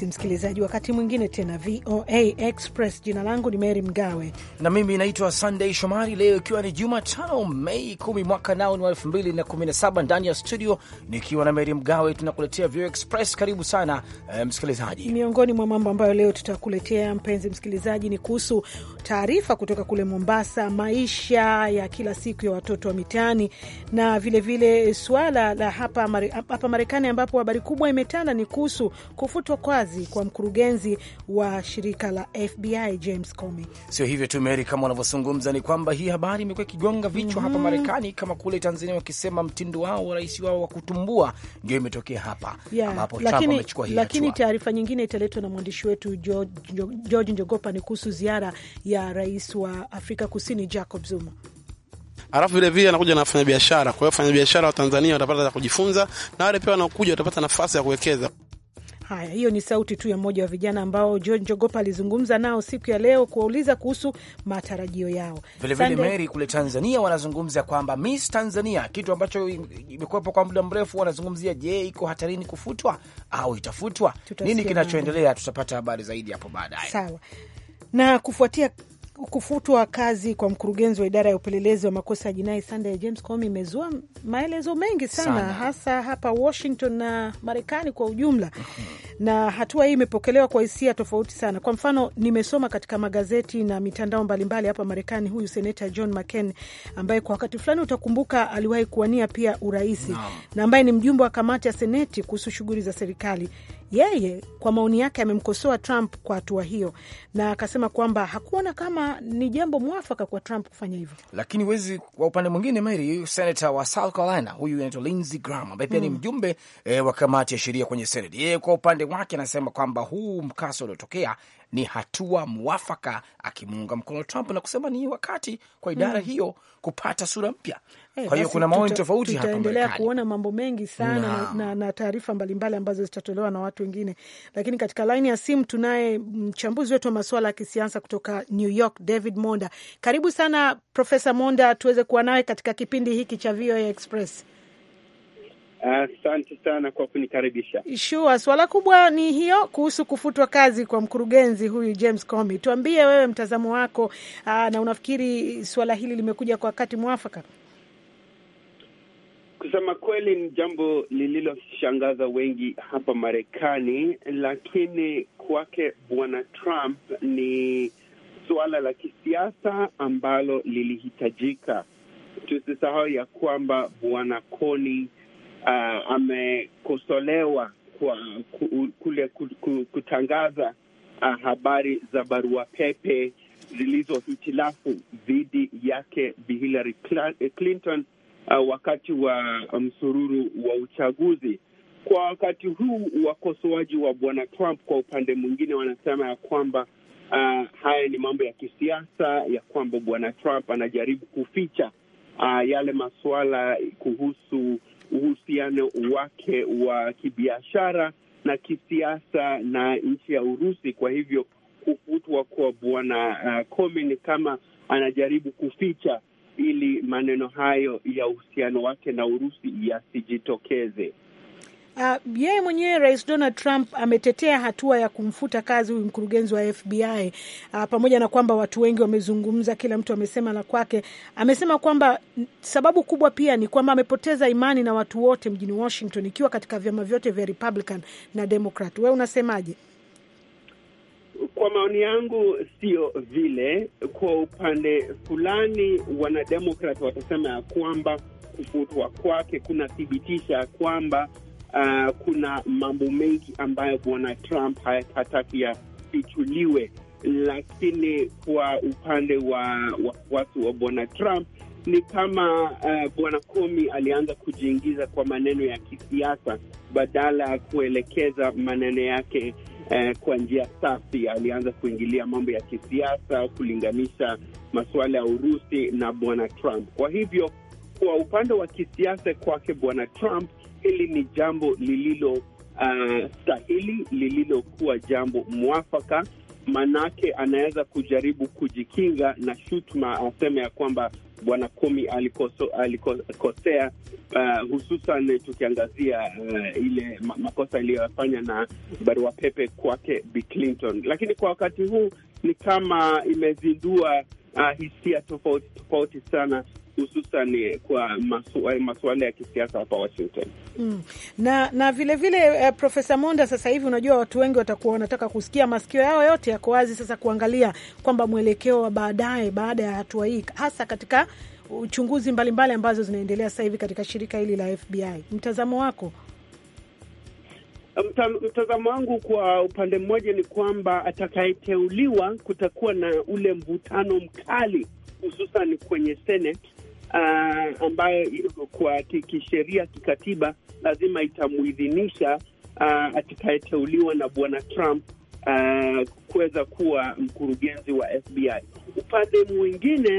basi msikilizaji, wakati mwingine tena VOA Express. Jina langu ni Mary Mgawe na mimi naitwa Sunday Shomari. Leo ikiwa ni Jumatano Mei kumi mwaka nao ni wa elfu mbili na kumi na saba ndani ya studio nikiwa na Mary Mgawe tunakuletea VOA Express. Karibu sana eh, msikilizaji. Miongoni mwa mambo ambayo leo tutakuletea mpenzi msikilizaji ni kuhusu taarifa kutoka kule Mombasa, maisha ya kila siku ya watoto wa mitaani na vilevile vile suala la hapa hapa Marekani ambapo habari kubwa imetanda ni kuhusu kufutwa kwa kazi kwa mkurugenzi wa shirika la FBI James Comey. Sio hivyo tu Mary, kama wanavyozungumza ni kwamba hii habari imekuwa ikigonga vichwa mm -hmm. hapa mhm. Marekani kama kule Tanzania wakisema mtindo wao wa rais wao wa kutumbua ndio imetokea hapa yeah. ambapo Trump amechukua hii lakini taarifa nyingine italetwa na mwandishi wetu George, George Njogopa ni kuhusu ziara ya rais wa Afrika Kusini Jacob Zuma. Alafu vilevile anakuja na wafanyabiashara. Kwa hiyo wafanyabiashara wa Tanzania watapata za kujifunza na wale pia wanaokuja watapata nafasi ya kuwekeza. Haya, hiyo ni sauti tu ya mmoja wa vijana ambao John Jogopa alizungumza nao siku ya leo kuwauliza kuhusu matarajio yao. Vilevile Meri, kule Tanzania wanazungumza kwamba Miss Tanzania, kitu ambacho imekuwepo kwa muda mrefu, wanazungumzia je, iko hatarini kufutwa au itafutwa? Nini kinachoendelea? Tutapata habari zaidi hapo baadaye. Sawa na kufuatia kufutwa kazi kwa mkurugenzi wa idara ya upelelezi wa makosa ya jinai ya James Comey imezua maelezo mengi sana, sana, hasa hapa Washington na Marekani kwa ujumla mm -hmm. na hatua hii imepokelewa kwa hisia tofauti sana. Kwa mfano, nimesoma katika magazeti na mitandao mbalimbali hapa Marekani, huyu seneta John McCain ambaye kwa wakati fulani utakumbuka aliwahi kuwania pia uraisi no. na ambaye ni mjumbe wa kamati ya Seneti kuhusu shughuli za serikali yeye kwa maoni yake amemkosoa Trump kwa hatua hiyo, na akasema kwamba hakuona kama ni jambo mwafaka kwa Trump kufanya hivyo. Lakini wezi kwa upande mwingine, Mary, senata wa South Carolina huyu anaitwa Lindsey Graham ambaye pia mm. ni hmm. mjumbe e, wa kamati ya sheria kwenye Seneti, yeye kwa upande wake anasema kwamba huu mkasa uliotokea ni hatua mwafaka, akimuunga mkono Trump na kusema ni wakati kwa idara mm. hiyo kupata sura mpya Eh, kwa hiyo kuna maoni tofauti hapa, tutaendelea kuona mambo mengi sana na, na, na taarifa mbalimbali ambazo zitatolewa na watu wengine. Lakini katika laini ya simu tunaye mchambuzi wetu wa masuala ya kisiasa kutoka New York, David Monda. Karibu sana Profesa Monda, tuweze kuwa nawe katika kipindi hiki cha VOA Express. Asante uh, sana kwa kunikaribisha. Sure, swala kubwa ni hiyo kuhusu kufutwa kazi kwa mkurugenzi huyu James Comey. Tuambie wewe mtazamo wako, uh, na unafikiri swala hili limekuja kwa wakati mwafaka? Kusema kweli ni jambo lililoshangaza wengi hapa Marekani, lakini kwake Bwana Trump ni suala la kisiasa ambalo lilihitajika. Tusisahau ya kwamba Bwana Koni uh, amekosolewa kwa kule kutangaza uh, habari za barua pepe zilizohitilafu dhidi yake Bi Hillary Clinton uh, wakati wa msururu um, wa uchaguzi. Kwa wakati huu, wakosoaji wa bwana Trump kwa upande mwingine wanasema ya kwamba uh, haya ni mambo ya kisiasa, ya kwamba bwana Trump anajaribu kuficha uh, yale masuala kuhusu uhusiano wake wa kibiashara na kisiasa na nchi ya Urusi. Kwa hivyo kufutwa kwa bwana uh, Comey kama anajaribu kuficha ili maneno hayo ya uhusiano wake na Urusi yasijitokeze. Uh, yeye mwenyewe Rais Donald Trump ametetea hatua ya kumfuta kazi huyu mkurugenzi wa FBI. Uh, ah, pamoja na kwamba watu wengi wamezungumza, kila mtu amesema la kwake, amesema kwamba sababu kubwa pia ni kwamba amepoteza imani na watu wote mjini Washington, ikiwa katika vyama vyote vya Republican na Democrat. Wewe unasemaje? Kwa maoni yangu sio vile. Kwa upande fulani, wanademokrat watasema ya kwamba kufutwa kwake kunathibitisha kwamba uh, kuna mambo mengi ambayo bwana Trump hataki yafichuliwe, lakini kwa upande wa wafuasi wa bwana Trump ni kama uh, bwana Comey alianza kujiingiza kwa maneno ya kisiasa badala ya kuelekeza maneno yake eh, kwa njia safi. Alianza kuingilia mambo ya kisiasa, kulinganisha masuala ya Urusi na bwana Trump. Kwa hivyo kwa upande wa kisiasa kwake bwana Trump, hili ni jambo lililo uh, stahili, lililokuwa jambo mwafaka manake anaweza kujaribu kujikinga na shutuma, aseme ya kwamba Bwana Komi alikoso, alikosea uh, hususan tukiangazia uh, ile makosa aliyofanya na barua pepe kwake Bi Clinton, lakini kwa wakati huu ni kama imezindua uh, hisia tofauti tofauti sana hususan eh, kwa eh, masuala ya kisiasa hapa Washington mm. na na vilevile vile, uh, Profesa Monda, sasa hivi unajua watu wengi watakuwa wanataka kusikia, masikio yao yote yako wazi sasa kuangalia kwamba mwelekeo wa baadaye baada ya hatua hii, hasa katika uchunguzi mbalimbali mbali ambazo zinaendelea sasa hivi katika shirika hili la FBI, mtazamo wako? mtazamo wangu kwa upande mmoja ni kwamba atakayeteuliwa kutakuwa na ule mvutano mkali hususan kwenye Senate uh, ambayo kwa kisheria kikatiba lazima itamuidhinisha uh, atakayeteuliwa na bwana Trump uh, kuweza kuwa mkurugenzi wa FBI. Upande mwingine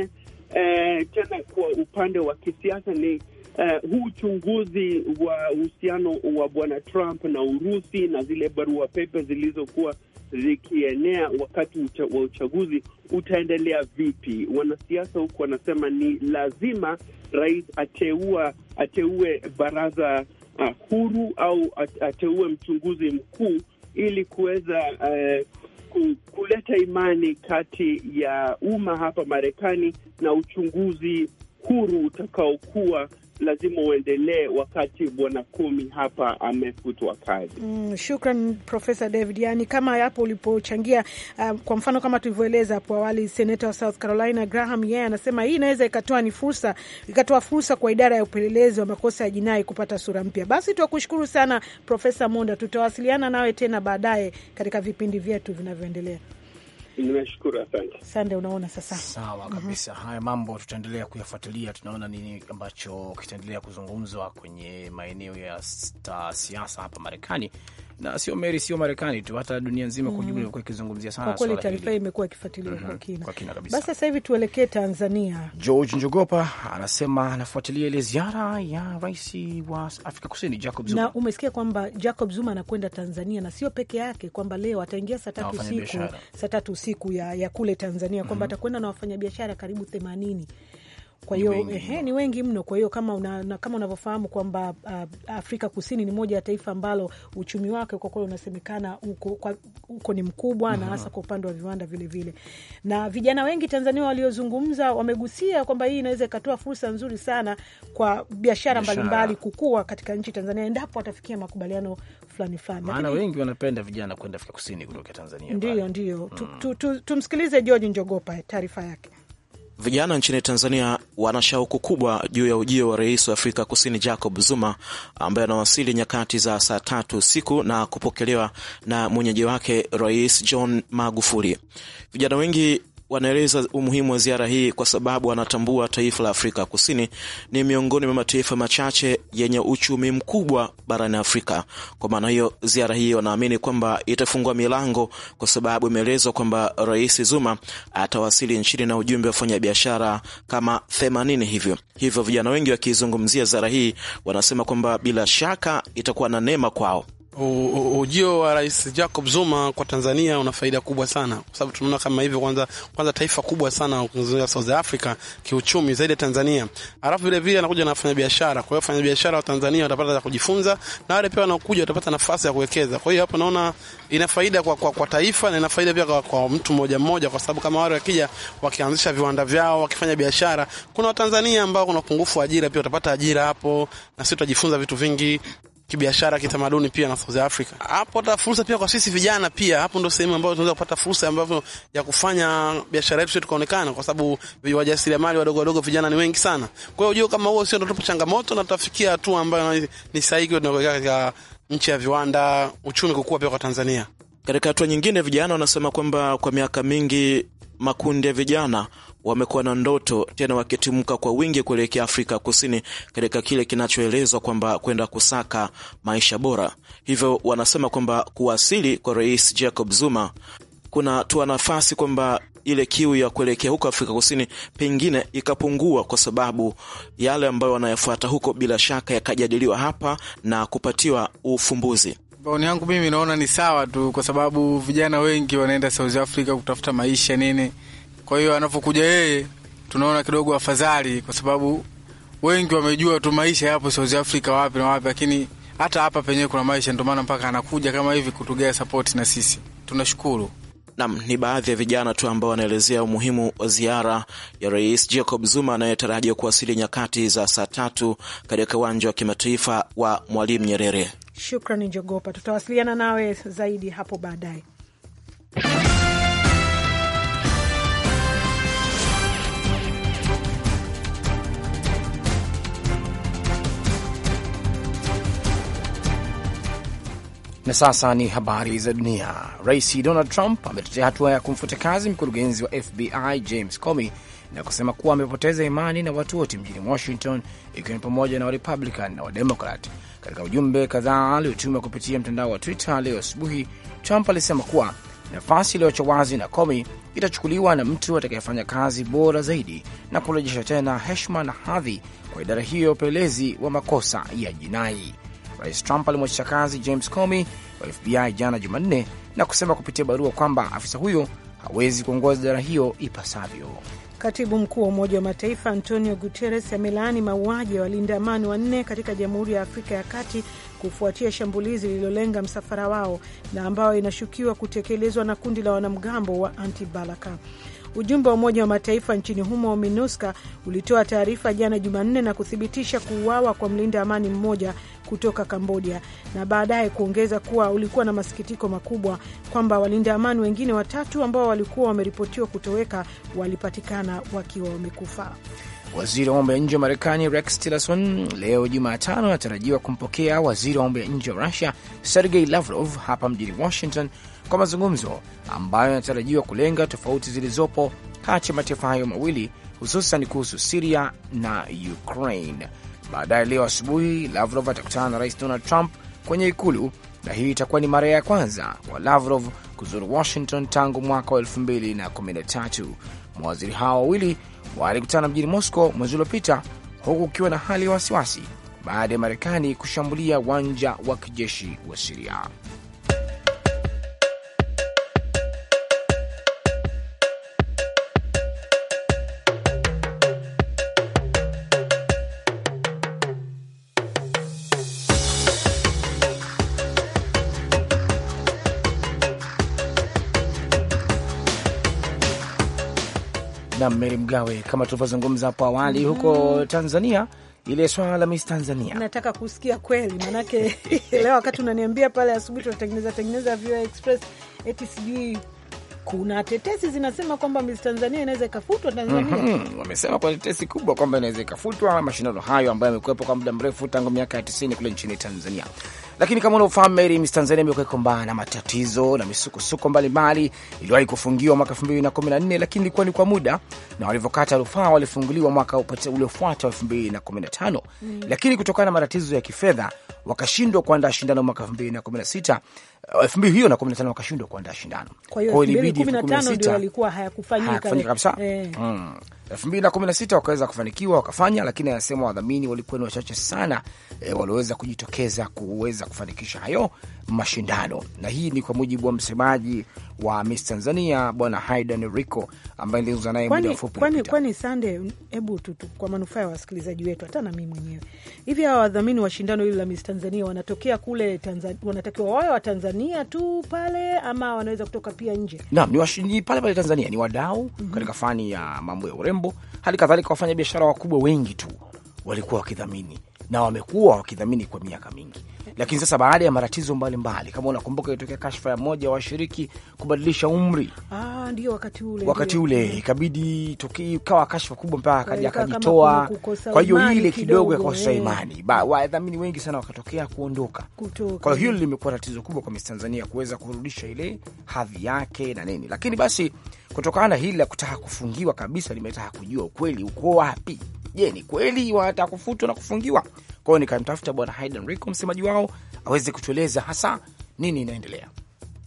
uh, tena kwa upande wa kisiasa ni Uh, huu uchunguzi wa uhusiano wa bwana Trump na Urusi na zile barua pepe zilizokuwa zikienea wakati ucha, wa uchaguzi utaendelea vipi? Wanasiasa huku wanasema ni lazima rais ateua ateue baraza uh, huru au ateue mchunguzi mkuu ili kuweza uh, kuleta imani kati ya umma hapa Marekani na uchunguzi huru utakaokuwa lazima uendelee wakati bwana kumi hapa amefutwa kazi. Mm, shukran Profesa David. Yani kama hapo ulipochangia, uh, kwa mfano kama tulivyoeleza hapo awali, senata wa South Carolina Graham yeye, yeah, anasema hii inaweza ikatoa ni fursa ikatoa fursa kwa idara ya upelelezi wa makosa ya jinai kupata sura mpya. Basi tuwakushukuru sana Profesa Monda, tutawasiliana nawe tena baadaye katika vipindi vyetu vinavyoendelea. Nimeshukuru, asante. unaona sasa. Sawa mhm. kabisa. mm -hmm. Haya mambo tutaendelea kuyafuatilia, tunaona nini ambacho kitaendelea kuzungumzwa kwenye maeneo ya siasa hapa Marekani na sio Meri, sio Marekani tu, hata dunia nzima mm. kwa jumla mm-hmm. imekuwa ikizungumzia sana Kwa hili. Taarifa imekuwa ikifuatiliwa mm -hmm. kwa mm-hmm. kina, kwa kina kabisa. Basi sasa hivi tuelekee Tanzania. George Njogopa anasema anafuatilia ile ziara ya rais wa Afrika Kusini Jacob Zuma, na umesikia kwamba Jacob Zuma anakwenda Tanzania na sio peke yake, kwamba leo ataingia saa tatu usiku saa tatu usiku ya, ya kule Tanzania kwamba mm -hmm. atakwenda na wafanyabiashara karibu themanini kwa hiyo ehe, ni wengi mno. Kwa hiyo kama una, kama unavyofahamu kwamba uh, Afrika Kusini ni moja ya taifa ambalo uchumi wake kwa kweli unasemekana uko, uko ni mkubwa na hasa kwa upande wa viwanda vilevile vile. Na vijana wengi Tanzania waliozungumza wamegusia kwamba hii inaweza ikatoa fursa nzuri sana kwa biashara mbalimbali kukua katika nchi Tanzania endapo watafikia makubaliano fulani fulani. Maana wengi wanapenda vijana kwenda Afrika Kusini kutoka Tanzania. Ndio, ndiyo. Mm. Tumsikilize George Njogopa taarifa yake. Vijana nchini Tanzania wana shauku kubwa juu ya ujio wa rais wa Afrika Kusini Jacob Zuma ambaye anawasili nyakati za saa tatu usiku na kupokelewa na mwenyeji wake Rais John Magufuli. Vijana wengi wanaeleza umuhimu wa ziara hii kwa sababu wanatambua taifa la Afrika Kusini ni miongoni mwa mataifa machache yenye uchumi mkubwa barani Afrika. Kwa maana hiyo, ziara hii wanaamini kwamba itafungua milango, kwa sababu imeelezwa kwamba Rais Zuma atawasili nchini na ujumbe wa wafanyabiashara kama themanini hivyo hivyo. Vijana wengi wakiizungumzia ziara hii wanasema kwamba bila shaka itakuwa na neema kwao. Ujio wa Rais Jacob Zuma kwa Tanzania una faida kubwa sana, kwa sababu tunaona kama hivyo, kwanza kwanza taifa kubwa sana kuzungumza South Africa kiuchumi zaidi ya Tanzania, alafu vile vile anakuja na wafanya biashara. Kwa hiyo wafanya biashara wa Tanzania watapata za kujifunza, na wale pia wanaokuja watapata nafasi ya kuwekeza. Kwa hiyo hapo naona ina faida kwa, kwa, kwa taifa na ina faida pia kwa, kwa mtu mmoja mmoja, kwa sababu kama wale wakija wakianzisha viwanda vyao wakifanya biashara, kuna Watanzania ambao kuna upungufu wa ajira, pia watapata ajira hapo, na sisi tutajifunza vitu vingi kibiashara, kitamaduni pia na South Africa. Hapo hata fursa pia kwa sisi vijana pia, hapo ndo sehemu ambayo tunaweza kupata fursa ambavyo ya kufanya biashara yetu tukaonekana, kwa sababu wajasiriamali wadogo wadogo vijana ni wengi sana. Kwa hiyo ujio kama huo sio ndo changamoto, na tutafikia hatua ambayo ni sahihi tunakuelekea katika nchi ya viwanda, uchumi kukua pia kwa Tanzania. Katika hatua nyingine, vijana wanasema kwamba kwa miaka mingi makundi ya vijana wamekuwa na ndoto tena wakitimka kwa wingi kuelekea Afrika Kusini katika kile kinachoelezwa kwamba kwenda kusaka maisha bora. Hivyo wanasema kwamba kuwasili kwa Rais Jacob Zuma kunatoa nafasi kwamba ile kiu ya kuelekea huko Afrika Kusini pengine ikapungua, kwa sababu yale ambayo wanayafuata huko bila shaka yakajadiliwa hapa na kupatiwa ufumbuzi. Maoni yangu mimi naona ni sawa tu, kwa sababu vijana wengi wanaenda South Africa kutafuta maisha nini kwa hiyo anapokuja yeye tunaona kidogo afadhali, kwa sababu wengi wamejua tu maisha yapo South Africa wapi na wapi, lakini hata hapa penyewe kuna maisha, ndio maana mpaka anakuja kama hivi kutugea sapoti, na sisi tunashukuru. Nam ni baadhi ya vijana tu ambao wanaelezea umuhimu wa ziara ya Rais Jacob Zuma anayetarajiwa kuwasili nyakati za saa tatu katika uwanja wa kimataifa wa Mwalimu Nyerere. Shukrani Jogopa, tutawasiliana nawe zaidi hapo baadaye. Na sasa ni habari za dunia. Rais Donald Trump ametetea hatua ya kumfuta kazi mkurugenzi wa FBI James Comey na kusema kuwa amepoteza imani na watu wote mjini Washington, ikiwa ni pamoja na Warepublican na Wademokrat. Katika ujumbe kadhaa aliotuma kupitia mtandao wa Twitter leo asubuhi, Trump alisema kuwa nafasi iliyoachwa wazi na Comey itachukuliwa na mtu atakayefanya kazi bora zaidi na kurejesha tena heshima na hadhi kwa idara hiyo ya upelelezi wa makosa ya jinai. Rais Trump alimwachisha kazi James Comey wa FBI jana Jumanne na kusema kupitia barua kwamba afisa huyo hawezi kuongoza idara hiyo ipasavyo. Katibu mkuu wa Umoja wa Mataifa Antonio Guterres amelaani mauaji ya walinda amani wanne katika Jamhuri ya Afrika ya Kati kufuatia shambulizi lililolenga msafara wao na ambayo inashukiwa kutekelezwa na kundi la wanamgambo wa Antibalaka. Ujumbe wa Umoja wa Mataifa nchini humo MINUSCA ulitoa taarifa jana Jumanne na kuthibitisha kuuawa kwa mlinda amani mmoja kutoka Kambodia na baadaye kuongeza kuwa ulikuwa na masikitiko makubwa kwamba walinda amani wengine watatu ambao walikuwa wameripotiwa kutoweka walipatikana wakiwa wamekufa. Waziri wa mambo ya nje wa Marekani Rex Tillerson leo Jumatano anatarajiwa kumpokea waziri wa mambo ya nje wa Rusia Sergei Lavrov hapa mjini Washington kwa mazungumzo ambayo yanatarajiwa kulenga tofauti zilizopo kati ya mataifa hayo mawili hususan kuhusu Siria na Ukraine. Baadaye leo asubuhi, Lavrov atakutana na rais Donald Trump kwenye ikulu, na hii itakuwa ni mara ya kwanza kwa Lavrov kuzuru Washington tangu mwaka wa 2013. Mawaziri hao wawili walikutana mjini Moscow mwezi uliopita, huku ukiwa na hali ya wasiwasi baada ya Marekani kushambulia uwanja wa kijeshi wa Siria. na Meri Mgawe, kama tulivyozungumza hapo awali, mhm. huko Tanzania ile swala la Miss Tanzania nataka kusikia kweli, manake leo wakati unaniambia pale asubuhi tunatengeneza tengeneza VOA Express eti sijui kuna tetesi zinasema kwamba Miss Tanzania inaweza ikafutwa Tanzania. mm -hmm. Wamesema kuna tetesi kubwa kwamba inaweza ikafutwa mashindano hayo ambayo yamekuwepo kwa muda mrefu tangu miaka ya tisini kule nchini Tanzania. Lakini kama unavyofahamu Mary, Miss Tanzania imekuwa ikikumbana na matatizo na misukosuko mbalimbali. Iliwahi kufungiwa mwaka 2014 lakini ilikuwa ni kwa muda, na walivyokata rufaa walifunguliwa mwaka uliofuata 2015, mm. Lakini kutokana na matatizo ya kifedha wakashindwa kuandaa shindano mwaka 2016 elfu mbili hiyo na kumi na tano wakashindwa kuandaa shindano, kwa hiyo ilibidi yalikuwa hayakufanyika kabisa. Eh. Mm. elfu mbili na kumi na sita wakaweza kufanikiwa wakafanya, lakini anasema wadhamini walikuwa ni wachache sana e, walioweza kujitokeza kuweza kufanikisha hayo mashindano, na hii ni kwa mujibu wa msemaji wa Miss Tanzania Bwana Haidan Rico ambaye nilizungumza naye muda mfupi kwani kwani sande. Hebu kwa manufaa ya wasikilizaji wetu, hata na mimi mwenyewe, hivi hawa wadhamini wa shindano hili la Miss Tanzania wanatokea kule Tanzania, wanatakiwa wawe wa Tanzania tu pale ama wanaweza kutoka pia nje? Naam, ni washindi pale pale Tanzania, ni wadau mm -hmm. katika fani ya mambo ya urembo, hali kadhalika wafanya biashara wakubwa wengi tu walikuwa wakidhamini na wamekuwa wakidhamini kwa miaka mingi, lakini sasa baada ya matatizo mbalimbali, kama unakumbuka, ilitokea kashfa ya mmoja wa washiriki kubadilisha umri. Ah, ndio, wakati ule, wakati ule ikabidi ikawa kashfa kubwa mpaka akaja akajitoa. Kwa hiyo ile kidogo ya eh. imani, wadhamini wengi sana wakatokea kuondoka. Kwa hiyo hilo limekuwa tatizo kubwa kwa Miss Tanzania kuweza kurudisha ile hadhi yake na nini, lakini basi kutokana na hili la kutaka kufungiwa kabisa, limetaka kujua ukweli uko wapi je, ni kweli watakufutwa na kufungiwa? Kwao nikamtafuta Bwana Haidan Rico, msemaji wao, aweze kutueleza hasa nini inaendelea.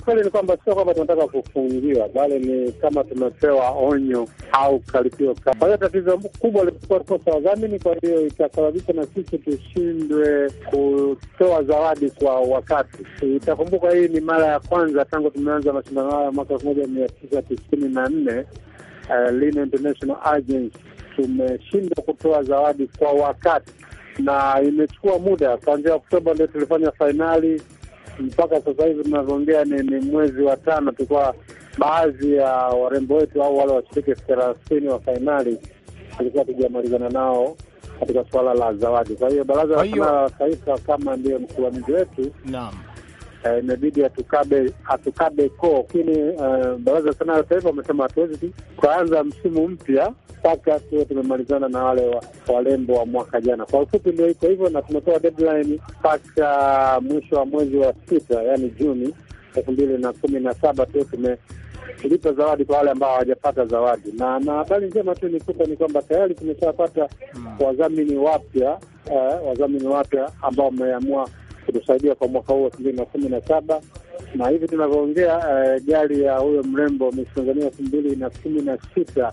Kweli ni kwamba sio kwamba tunataka kufungiwa, bali ni kama tumepewa onyo au karipio. Kwa hiyo tatizo kubwa lilikuwa kosa wadhamini, kwa hiyo itasababisha na sisi tushindwe kutoa zawadi kwa wakati. Itakumbuka hii ni mara ya kwanza tangu tumeanza mashindano hayo mwaka elfu moja mia tisa tisini na nne eh, Lino International Agency tumeshindwa kutoa zawadi kwa wakati na imechukua muda. Kuanzia Oktoba ndio tulifanya fainali mpaka sasa hivi tunavyoongea ni, ni mwezi wa tano. Tulikuwa baadhi ya warembo wetu au wale washiriki thelathini wa fainali tulikuwa tujamalizana nao katika suala la zawadi. Kwa hiyo baraza la sanaa la taifa kama ndiyo msimamizi wetu, naam Eh, imebidi uh, atukabe atukabe koo, lakini uh, baraza sanaa la taifa wamesema hatuwezi tukaanza msimu mpya mpaka tuwe tumemalizana na wale walembo wa, wa mwaka jana. Kwa ufupi ndio iko hivyo, na tumetoa deadline mpaka mwisho wa mwezi wa sita, yani Juni elfu mbili na kumi na saba tuwe tume zawadi kwa wale ambao hawajapata zawadi, na na habari njema tu nikupa ni kwamba tayari tumeshapata hmm. wadhamini wapya eh, wadhamini wapya ambao wameamua kutusaidia kwa mwaka huu elfu mbili na kumi na saba na hivi tunavyoongea, eh, gari ya huyo mrembo Miss Tanzania elfu mbili na kumi na sita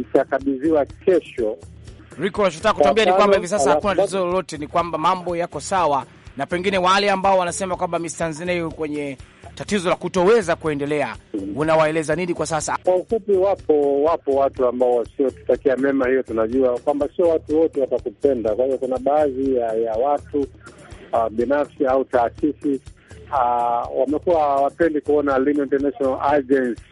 itakabidhiwa kesho. Riko, nachotaka kutuambia ni kwamba hivi sasa hakuna tatizo lolote, ni kwamba mambo yako sawa, na pengine wale ambao wanasema kwamba Miss Tanzania kwenye tatizo la kutoweza kuendelea, unawaeleza nini kwa sasa? Kwa ufupi, wapo wapo watu ambao wasiotutakia mema, hiyo tunajua kwamba sio watu wote watakupenda. Kwa hiyo kuna baadhi ya, ya watu uh, binafsi au taasisi uh, wamekuwa hawapendi kuona International Agency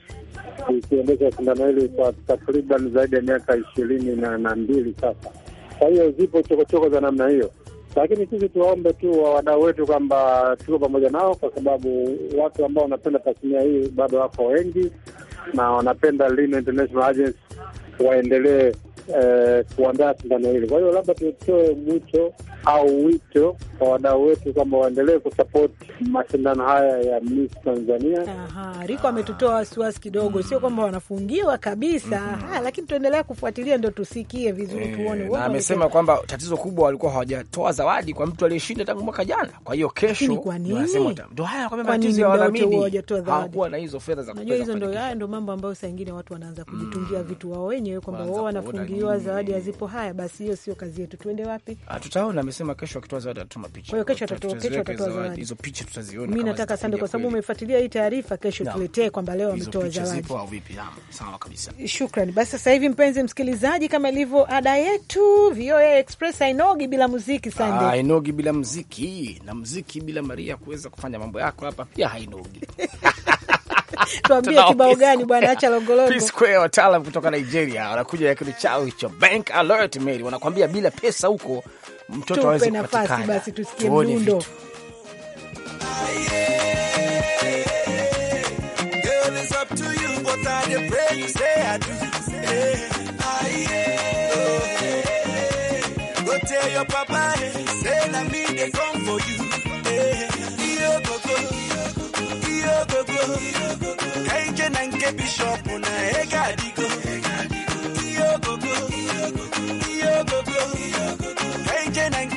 ikiendesha shindano hili kwa takriban zaidi ya miaka ishirini na, na mbili sasa. Kwa hiyo zipo chokochoko za namna hiyo, lakini sisi tuwaombe tu wa wadau wetu kwamba tuko pamoja nao, kwa sababu watu ambao wanapenda tasnia hii bado wako wengi na wanapenda International Agency waendelee eh, kuandaa shindano hili. Kwa hiyo labda tutoe mwito au wito kwa wadau wetu kwamba waendelee kusapoti mashindano haya ya Miss Tanzania. Aha, Riko ametutoa wasiwasi kidogo, sio kwamba wanafungiwa kabisa. mm -hmm. Ha, lakini tuendelea kufuatilia ndo tusikie vizuri e, tuone. Na amesema kwamba tatizo kubwa walikuwa hawajatoa zawadi kwa mtu aliyeshinda tangu mwaka jana, kwa hiyo kesho hawakuwa na hizo fedha za Hizo ndo mambo ambayo saa watu wanaanza mm. kujitungia mm. vitu wao wenyewe kwamba wao wanafungiwa zawadi hazipo. Haya basi, hiyo sio kazi yetu. Tuende wapi? Ah, tutaona wamesema kesho akitoa zawadi watatuma picha. Kwa hiyo kesho atatoa zawadi, hizo picha tutaziona. Mimi nataka sana, kwa sababu umefuatilia hii taarifa. Kesho tuletee kwamba leo ametoa zawadi, zipo au vipi? Naam, sawa kabisa. Shukrani. Basi sasa hivi, mpenzi msikilizaji, kama ilivyo ada yetu, VOA Express hainogi bila muziki. Sande, ah, hainogi bila muziki, na muziki bila Maria kuweza kufanya mambo yako hapa pia hainogi. Tuambie kibao gani bwana? Acha longolongo. P Square wataalam kutoka Nigeria wanakuja na kitu chao hicho, bank alert Mary, wanakuambia bila pesa huko mtoto aweze kupatikana. Basi tusikie mdundo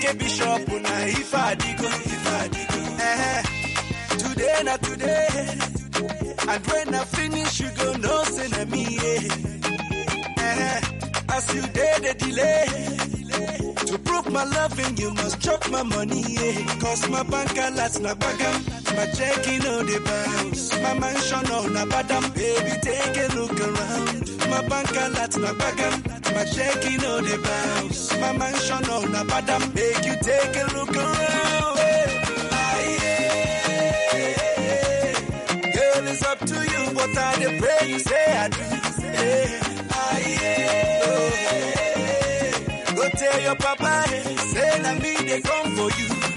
Ike Bishop na ife adịgo oh, ife oh. eh, adịgo today na today and when I finish you go know say na me yeah eh, as you dey dey delay to prove my loving you must chop my money yeah cause my bank alert na gbagam. My checking all the bounce. My mansion on a bottom, baby, take a look around. My bank alert, my bagam. My checking all the bounce. My mansion on a bottom, make you take a look around. Hey. Aye, Girl, it's up to you, but I dey pray you say I do. Hey. yeah, oh. Go tell your papa, say that me dey come for you.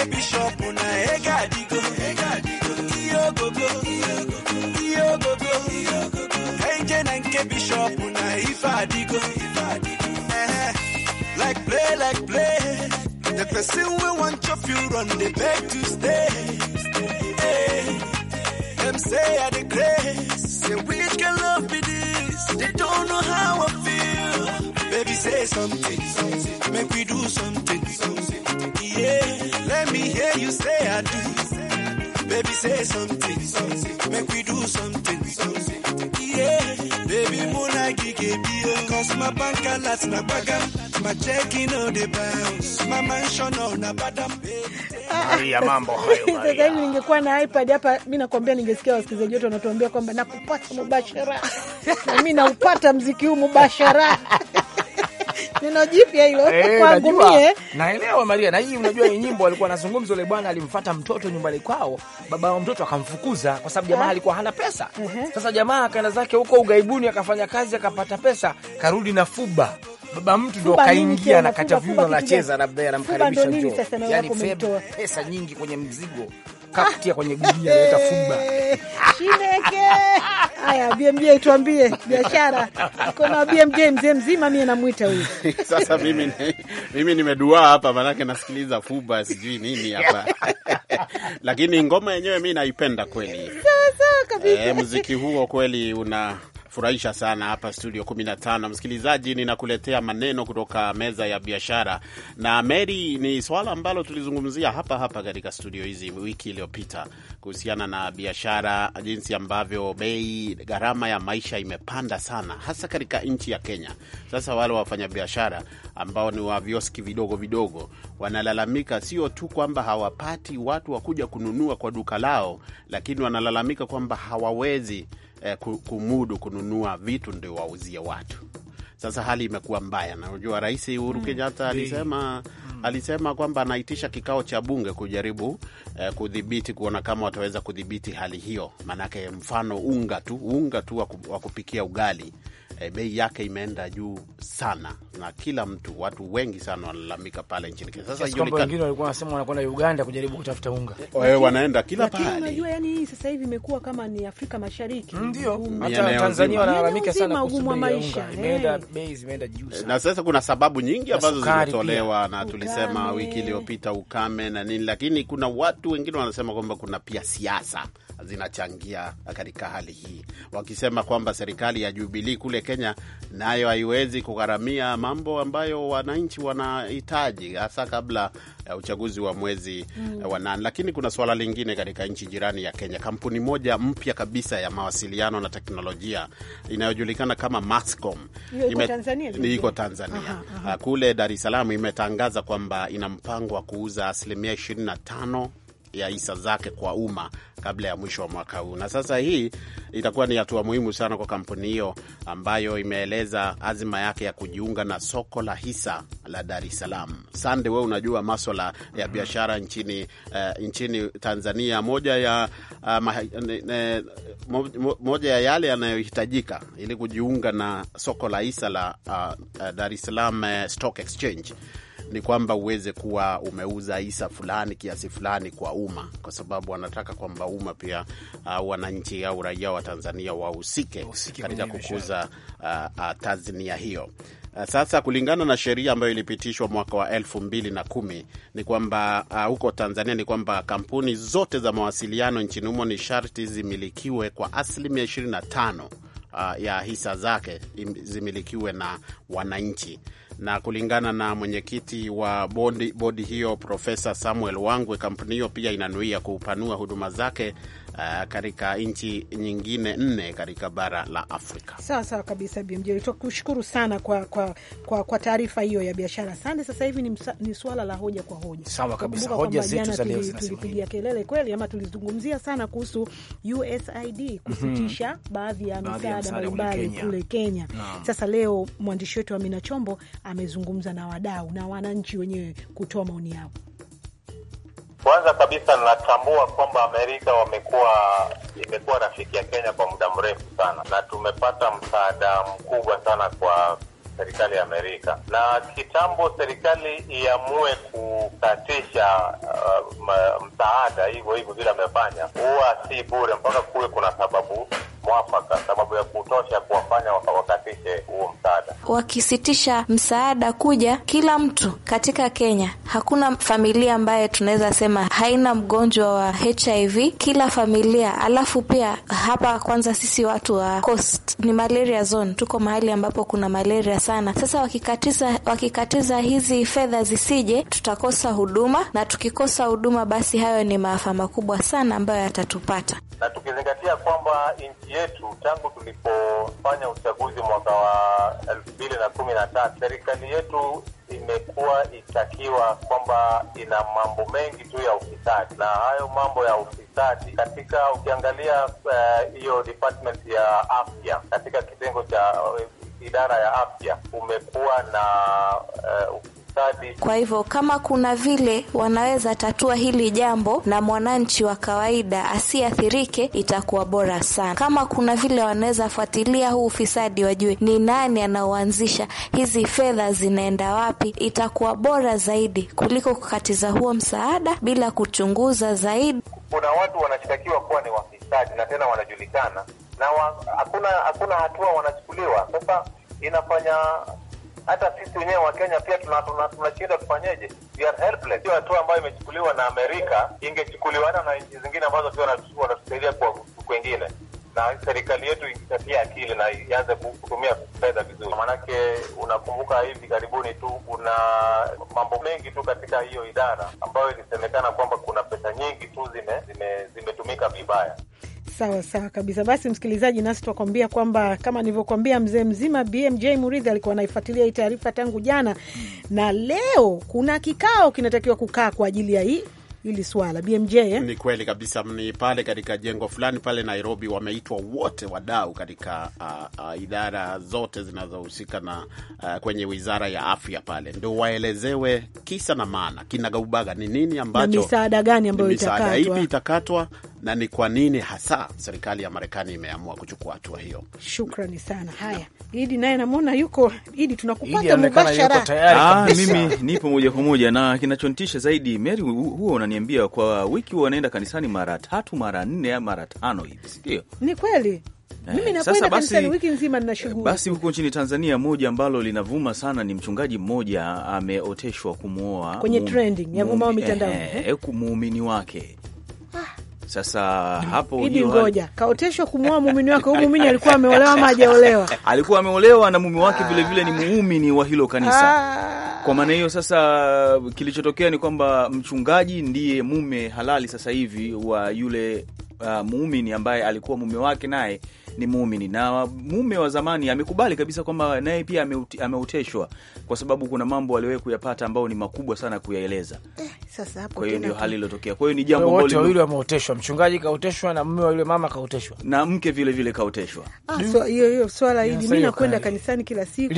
onye bishọp na ego adịgo go go, ihe go go. na nke bishọp na ife adịgo eh, like play like play the person we want chop you run the back to stay eh, Them say i the grace, say which can love be this they don't know how i feel baby say something make we do something. do. Baby, say something, something. Make we do something, something. Yeah, baby, muna gige Cause my bank na baga. My the bounce. My mansion on badam, mambo hayo Sasa ningekuwa na iPad hapa, mimi nakwambia, ningesikia wasikilizaji wote wanatuambia kwamba nakupata mubashara, na mimi naupata mziki huu mubashara Neno jipya hilo eh, kwangumie. Naelewa Maria, na hii unajua hii nyimbo alikuwa anazungumza yule bwana alimfuata mtoto nyumbani kwao, baba wa mtoto akamfukuza kwa sababu jamaa eh? alikuwa hana pesa. Uh-huh. Sasa jamaa akaenda zake huko ugaibuni akafanya kazi akapata pesa, karudi na fuba. Baba mtu ndo kaingia na kata viuno anacheza labda anamkaribisha njoo. Yaani pesa nyingi kwenye mzigo. Ah! Kakia kwenye gudia leta fuba. Eh! Shineke. Haya, BMJ tuambie biashara. Kuna BMJ mzee mzima mie namwita huyu. Sasa mimi mimi nimeduaa hapa manake nasikiliza fuba sijui nini hapa. Lakini ngoma yenyewe mimi naipenda kweli. Sasa kabisa. Eh, muziki huo kweli una furahisha sana hapa studio 15. Msikilizaji, ninakuletea maneno kutoka meza ya biashara na Mary. Ni swala ambalo tulizungumzia hapa hapa katika studio hizi wiki iliyopita kuhusiana na biashara, jinsi ambavyo bei, gharama ya maisha imepanda sana, hasa katika nchi ya Kenya. Sasa wale wafanyabiashara ambao ni wa vioski vidogo vidogo wanalalamika sio tu kwamba hawapati watu wakuja kununua kwa duka lao, lakini wanalalamika kwamba hawawezi eh, kumudu kununua vitu ndio wauzie watu. Sasa hali imekuwa mbaya, na unajua Rais Uhuru mm. Kenyatta mm, alisema mm, alisema kwamba anaitisha kikao cha bunge kujaribu eh, kudhibiti, kuona kama wataweza kudhibiti hali hiyo, maanake mfano unga tu unga tu wa kupikia ugali e, bei yake imeenda juu sana, na kila mtu, watu wengi sana wanalalamika pale nchini Kenya. Sasa yes, wengine walikuwa wanasema wanakwenda Uganda kujaribu kutafuta unga, wao eh, wanaenda kila pale. Unajua, yani sasa hivi imekuwa kama ni Afrika Mashariki, ndio hata Tanzania wanalalamika sana ugumu wa maisha, imeenda bei zimeenda juu eh, sana. Na sasa kuna sababu nyingi ambazo zimetolewa na tulisema wiki iliyopita ukame na nini, lakini kuna watu wengine wanasema kwamba kuna pia siasa zinachangia katika hali hii, wakisema kwamba serikali ya Jubilee kule Kenya nayo na haiwezi kugharamia mambo ambayo wananchi wanahitaji hasa kabla ya uchaguzi wa mwezi mm. wa nane. Lakini kuna suala lingine katika nchi jirani ya Kenya, kampuni moja mpya kabisa ya mawasiliano na teknolojia inayojulikana kama Maxcom iko Tanzania, Tanzania. Aha, aha. Ah, kule Dar es Salaam imetangaza kwamba ina mpango wa kuuza asilimia 25 ya hisa zake kwa umma kabla ya mwisho wa mwaka huu. Na sasa hii itakuwa ni hatua muhimu sana kwa kampuni hiyo ambayo imeeleza azima yake ya kujiunga na soko la hisa la Dar es Salaam. Sande, we unajua maswala ya mm-hmm. biashara nchini, uh, nchini Tanzania, moja ya, uh, ma, ne, moja ya yale yanayohitajika ili kujiunga na soko la hisa la uh, uh, Dar es Salaam uh, Stock Exchange ni kwamba uweze kuwa umeuza hisa fulani kiasi fulani kwa umma, kwa sababu wanataka kwamba umma pia uh, wananchi au raia wa Tanzania wahusike katika kukuza uh, uh, tasnia hiyo. Uh, sasa kulingana na sheria ambayo ilipitishwa mwaka wa elfu mbili na kumi ni kwamba uh, huko Tanzania ni kwamba kampuni zote za mawasiliano nchini humo ni sharti zimilikiwe kwa asilimia 25 uh, ya hisa zake zimilikiwe na wananchi na kulingana na mwenyekiti wa bodi, bodi hiyo Profesa Samuel Wangwe, kampuni hiyo pia inanuia kupanua huduma zake uh, katika nchi nyingine nne katika bara la Afrika. Sawa sawa kabisa, BMJ, tukushukuru sana kwa, kwa, kwa, kwa taarifa hiyo ya biashara. Sande, sasa hivi ni, ni swala la hoja kwa hoja. Sawa kabisa, hoja zetu za leo tulipigia kelele kweli, ama tulizungumzia sana kuhusu USAID mhm. kusitisha mm -hmm. baadhi ya misaada mbalimbali kule Kenya, kule Kenya. No. Sasa leo mwandishi wetu Amina Chombo amezungumza na wadau na wananchi wenyewe kutoa maoni yao. Kwanza kabisa natambua kwamba Amerika wamekuwa imekuwa rafiki ya Kenya kwa muda mrefu sana, na tumepata msaada mkubwa sana kwa serikali ya Amerika. Na kitambo serikali iamue kukatisha uh, msaada hivyo hivyo vile amefanya, huwa si bure, mpaka kuwe kuna sababu mwafaka, sababu ya kutosha kuwafanya waka wakisitisha msaada kuja kila mtu katika Kenya. Hakuna familia ambaye tunaweza sema haina mgonjwa wa HIV, kila familia. Alafu pia hapa kwanza sisi watu wa coast ni malaria zone, tuko mahali ambapo kuna malaria sana. Sasa wakikatiza, wakikatiza hizi fedha zisije, tutakosa huduma, na tukikosa huduma, basi hayo ni maafa makubwa sana ambayo yatatupata, na tukizingatia kwamba nchi yetu tangu tulipofanya uchaguzi mwaka wa elfu mbili na kumi na tatu serikali yetu imekuwa itakiwa kwamba ina mambo mengi tu ya ufisadi, na hayo mambo ya ufisadi katika, ukiangalia eh, hiyo uh, department ya afya katika kitengo cha uh, idara ya afya umekuwa na uh, kwa hivyo kama kuna vile wanaweza tatua hili jambo na mwananchi wa kawaida asiathirike, itakuwa bora sana. Kama kuna vile wanaweza fuatilia huu ufisadi, wajue ni nani anaoanzisha, hizi fedha zinaenda wapi, itakuwa bora zaidi kuliko kukatiza huo msaada bila kuchunguza zaidi. Kuna watu wanashtakiwa kuwa ni wafisadi na tena wanajulikana na hakuna wa, hakuna hatua wanachukuliwa. Sasa inafanya hata sisi wenyewe wa Kenya pia tunashinda kufanyeje? We are helpless. Hiyo hatua ambayo imechukuliwa na Amerika ingechukuliwa hata na nchi zingine ambazo pia wanatusaidia kwa kwengine, na serikali yetu ingitatia akili na ianze kutumia fedha vizuri, maanake unakumbuka hivi karibuni tu kuna mambo mengi tu katika hiyo idara ambayo ilisemekana kwamba kuna pesa nyingi tu zimetumika zime, zime vibaya. Sawa sawa kabisa. Basi msikilizaji, nasi twakwambia kwamba kama nilivyokwambia, mzee mzima BMJ Muridhi alikuwa anaifuatilia hii taarifa tangu jana, na leo kuna kikao kinatakiwa kukaa kwa ajili ya hii hili swala BMJ eh? Ni kweli kabisa, ni pale katika jengo fulani pale Nairobi wameitwa wote wadau katika uh, uh, idara zote zinazohusika na uh, kwenye wizara ya afya pale ndio waelezewe kisa na maana kinagaubaga ni nini ambacho misaada gani ambayo itakatwa, ipi itakatwa na ni kwa nini hasa serikali ya Marekani imeamua kuchukua hatua hiyo. Shukrani sana. Haya, Idi naye namwona yuko Idi, tunakupata mubashara. Ah, mimi nipo moja kwa moja na kinachontisha zaidi Mary, huo unaniambia kwa wiki wanaenda kanisani mara tatu mara nne mara tano hivi, sindio? Ni kweli. Eh, Mimi nakwenda kanisani wiki nzima nina shughuli. Basi huko nchini Tanzania, moja ambalo linavuma sana ni mchungaji mmoja ameoteshwa kumwoa kwenye trending ya mambo mitandao, eh, eh? wake ah. sasa hapo idi ngoja hali... kaoteshwa kumwoa muumini wake. Huyu muumini alikuwa ameolewa ama hajaolewa? Alikuwa ameolewa na mume wake ah. vilevile, ni muumini wa hilo kanisa. Ah. Kwa maana hiyo sasa, kilichotokea ni kwamba mchungaji ndiye mume halali sasa hivi wa yule uh, muumini ambaye alikuwa mume wake naye ni muumini, na mume wa zamani amekubali kabisa kwamba naye pia ameoteshwa, kwa sababu kuna mambo aliyowahi kuyapata ambayo ni makubwa sana kuyaeleza. Eh, sasa hapo kwa hiyo ndio hali iliyotokea. Kwa hiyo ni jambo ambalo wote wawili wameoteshwa, mchungaji kaoteshwa na mume wa yule mama kaoteshwa na mke vile vile kaoteshwa. Ah, hiyo hiyo swala hili mimi nakwenda kanisani kila siku,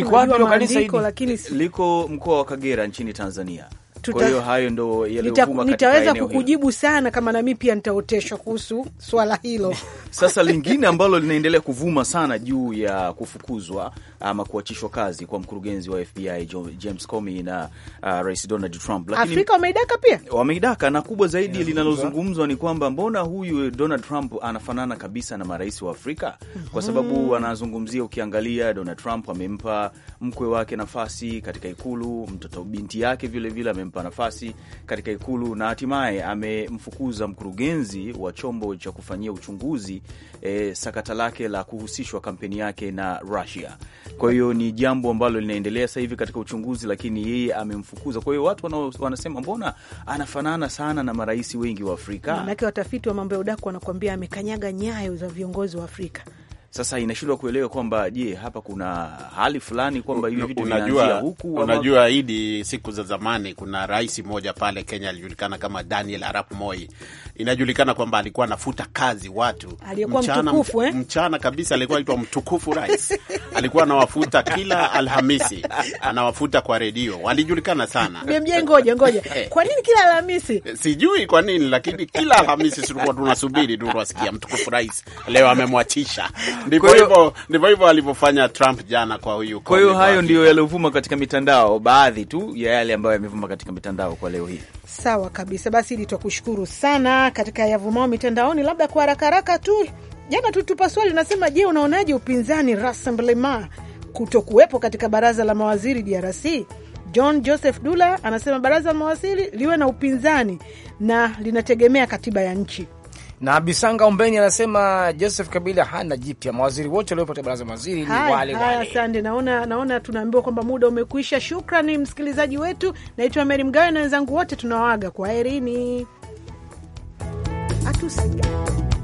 liko mkoa wa Kagera nchini Tanzania. Tuta, hayo ndo nita, nitaweza kukujibu sana kama nami pia nitaoteshwa kuhusu swala hilo. Sasa lingine ambalo linaendelea kuvuma sana juu ya kufukuzwa ama kuachishwa kazi kwa mkurugenzi wa FBI James Comey na uh, Rais Donald Trump. Lakini, Afrika wameidaka pia wameidaka, na kubwa zaidi yeah, linalozungumzwa ni kwamba mbona huyu Donald Trump anafanana kabisa na marais wa Afrika kwa hmm. sababu anazungumzia, ukiangalia Donald Trump amempa mkwe wake nafasi katika ikulu, mtoto binti yake vilevile vile, kumpa nafasi katika Ikulu na hatimaye amemfukuza mkurugenzi wa chombo cha kufanyia uchunguzi e, sakata lake la kuhusishwa kampeni yake na Russia. Kwa hiyo ni jambo ambalo linaendelea sasa hivi katika uchunguzi, lakini yeye amemfukuza. Kwa hiyo watu wana, wanasema mbona anafanana sana na marais wengi wa Afrika? Manake watafiti wa mambo ya udaku wanakuambia amekanyaga nyayo za viongozi wa Afrika sasa inashindwa kuelewa kwamba je, hapa kuna hali fulani kwamba hivi vitu vinaanzia huku. Unajua Idi, siku za zamani kuna rais mmoja pale Kenya alijulikana kama Daniel Arap Moi, inajulikana kwamba alikuwa anafuta kazi watu mchana, mtukufu, eh? mchana kabisa alikuwa aitwa mtukufu rais alikuwa anawafuta kila Alhamisi, anawafuta kwa redio, walijulikana sana. Ngoja ngoja, eh. kwa nini kila Alhamisi? Eh, sijui kwa nini, lakini kila Alhamisi tulikuwa tunasubiri tuwasikia mtukufu rais leo amemwachisha. Ndivyo hivyo, ndivyo hivyo alivyofanya Trump jana kwa huyu. Kwa hiyo hayo ndio yalovuma katika mitandao, baadhi tu ya yale ambayo yamevuma katika mitandao kwa leo hii. Sawa kabisa, basi ili twakushukuru sana katika yavumao mitandaoni. Labda kwa haraka haraka tu, jana tutupa swali unasema, je, unaonaje upinzani Rassemblement kuto kuwepo katika baraza la mawaziri DRC? John Joseph Dula anasema baraza la mawaziri liwe na upinzani na linategemea katiba ya nchi na Bisanga Ombeni anasema Joseph Kabila hana jipya, mawaziri wote waliopata baraza mawaziri ni wale wale. Asante, naona, naona tunaambiwa kwamba muda umekuisha. Shukrani msikilizaji wetu, naitwa Meri Mgawe na wenzangu wote tunawaaga, kwaherini. à tous gars.